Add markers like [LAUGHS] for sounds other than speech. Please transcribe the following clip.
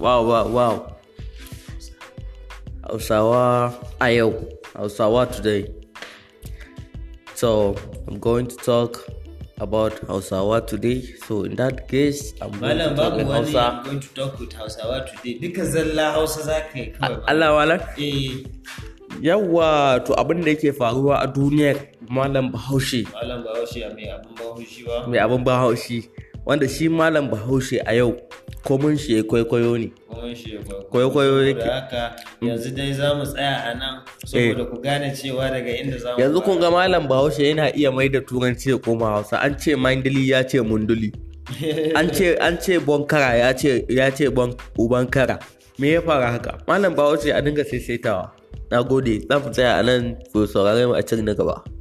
wow wow wow hausawa a yau hausawa today so i'm going to talk about hausawa today so in that case i'm going Malam, to talk hausa i'm going to talk with hausawa today duka zalla hausa za ka yi kawai allah wala eh yawa to abin da yake faruwa a duniyar malam bahaushe malam bahaushe mai abin bahaushe ba mai abin bahaushe wanda shi malam bahaushe a yau komun shi ya kwaikwayo ne kwaikwayo yake yanzu dai za mu tsaya a nan saboda ku gane cewa daga inda za mu yanzu kun ga malam bahaushe yana iya mai da turanci ya koma hausa an ce mindili ya ce munduli [LAUGHS] an ce bonkara ya ce ya ubankara me ya fara haka malam bahaushe a dinga saisaitawa na gode za mu tsaya a nan ku saurare mu a cikin na gaba